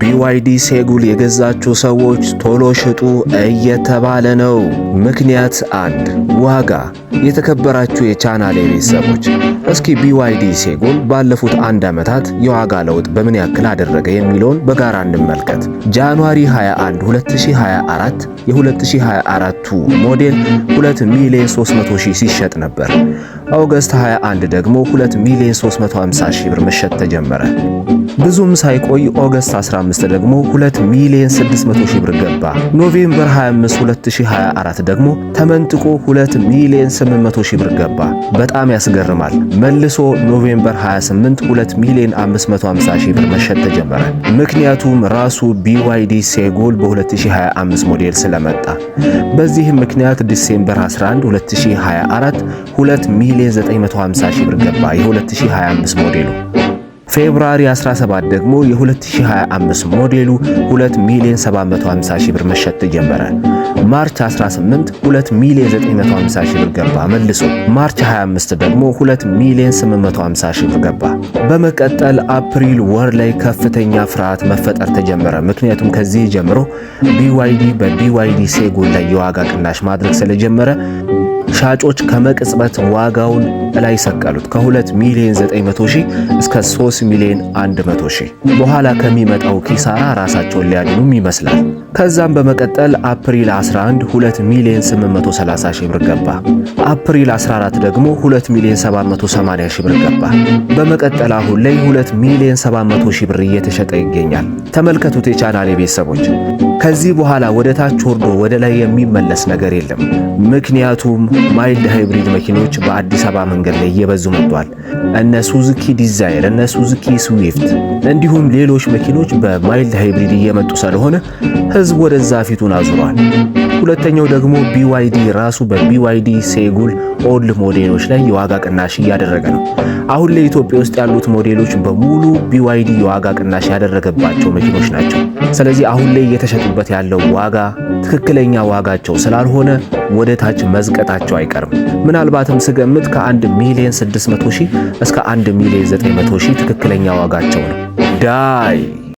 ቢዋይዲ ሴጉል የገዛችው ሰዎች ቶሎ ሽጡ እየተባለ ነው። ምክንያት አንድ ዋጋ። የተከበራችሁ የቻናል ቤተሰቦች እስኪ ቢዋይዲ ሴጉል ባለፉት አንድ ዓመታት የዋጋ ለውጥ በምን ያክል አደረገ የሚለውን በጋራ እንመልከት። ጃንዋሪ 21 2024 የ2024ቱ ሞዴል 2 ሚሊዮን 300 ሺህ ሲሸጥ ነበር። ኦገስት 21 ደግሞ 2 ሚሊዮን 350 ሺህ ብር መሸጥ ተጀመረ። ብዙም ሳይቆይ ኦገስት 15 ደግሞ 2 ሚሊዮን 600 ሺህ ብር ገባ። ኖቬምበር 25 2024 ደግሞ ተመንጥቆ 2 ሚሊዮን 800 ሺህ ብር ገባ። በጣም ያስገርማል። መልሶ ኖቬምበር 28 2 ሚሊዮን 550 ሺህ ብር መሸጥ ተጀመረ። ምክንያቱም ራሱ BYD ሴጎል በ2025 ሞዴል ስለመጣ። በዚህም ምክንያት ዲሴምበር 11 2024 2 ሚሊዮን 950 ሺህ ብር ገባ። የ2025 ሞዴሉ ፌብሩዋሪ 17 ደግሞ የ2025 ሞዴሉ 2 ሚሊዮን 750 ሺህ ብር መሸጥ ተጀመረ። ማርች 18 2 ሚሊዮን 950 ሺህ ብር ገባ መልሶ። ማርች 25 ደግሞ 2 ሚሊዮን 850 ሺህ ብር ገባ። በመቀጠል አፕሪል ወር ላይ ከፍተኛ ፍርሃት መፈጠር ተጀመረ። ምክንያቱም ከዚህ ጀምሮ ቢዋይዲ በቢዋይዲ ሴጎል ላይ የዋጋ ቅናሽ ማድረግ ስለጀመረ ሻጮች ከመቅጽበት ዋጋውን ላይ ሰቀሉት ከ2 ሚሊዮን 900 ሺህ እስከ 3 ሚሊዮን 100 ሺህ በኋላ ከሚመጣው ኪሳራ ራሳቸውን ሊያድኑም ይመስላል። ከዛም በመቀጠል አፕሪል 11 2 ሚሊዮን 830 ሺህ ብር ገባ። አፕሪል 14 ደግሞ 2 ሚሊዮን 780 ሺህ ብር ገባ። በመቀጠል አሁን ላይ 2 ሚሊዮን 700 ሺህ ብር እየተሸጠ ይገኛል። ተመልከቱት የቻናሌ ቤተሰቦች ከዚህ በኋላ ወደ ታች ወርዶ ወደ ላይ የሚመለስ ነገር የለም። ምክንያቱም ማይልድ ሃይብሪድ መኪኖች በአዲስ አበባ መንገድ ላይ እየበዙ መጥቷል። እነ ሱዙኪ ዲዛይር፣ እነ ሱዙኪ ስዊፍት እንዲሁም ሌሎች መኪኖች በማይልድ ሃይብሪድ እየመጡ ስለሆነ ህዝብ ወደዛ ፊቱን አዙሯል። ሁለተኛው ደግሞ ቢዋይዲ ራሱ በቢዋይዲ ሴጉል ኦልድ ሞዴሎች ላይ የዋጋ ቅናሽ እያደረገ ነው። አሁን ላይ ኢትዮጵያ ውስጥ ያሉት ሞዴሎች በሙሉ ቢዋይዲ የዋጋ ቅናሽ ያደረገባቸው መኪኖች ናቸው። ስለዚህ አሁን ላይ እየተሸጡበት ያለው ዋጋ ትክክለኛ ዋጋቸው ስላልሆነ ወደ ታች መዝቀጣቸው አይቀርም። ምናልባትም ስገምት ከ1 ሚሊዮን 600 ሺህ እስከ 1 ሚሊዮን 900 ሺህ ትክክለኛ ዋጋቸው ነው ዳይ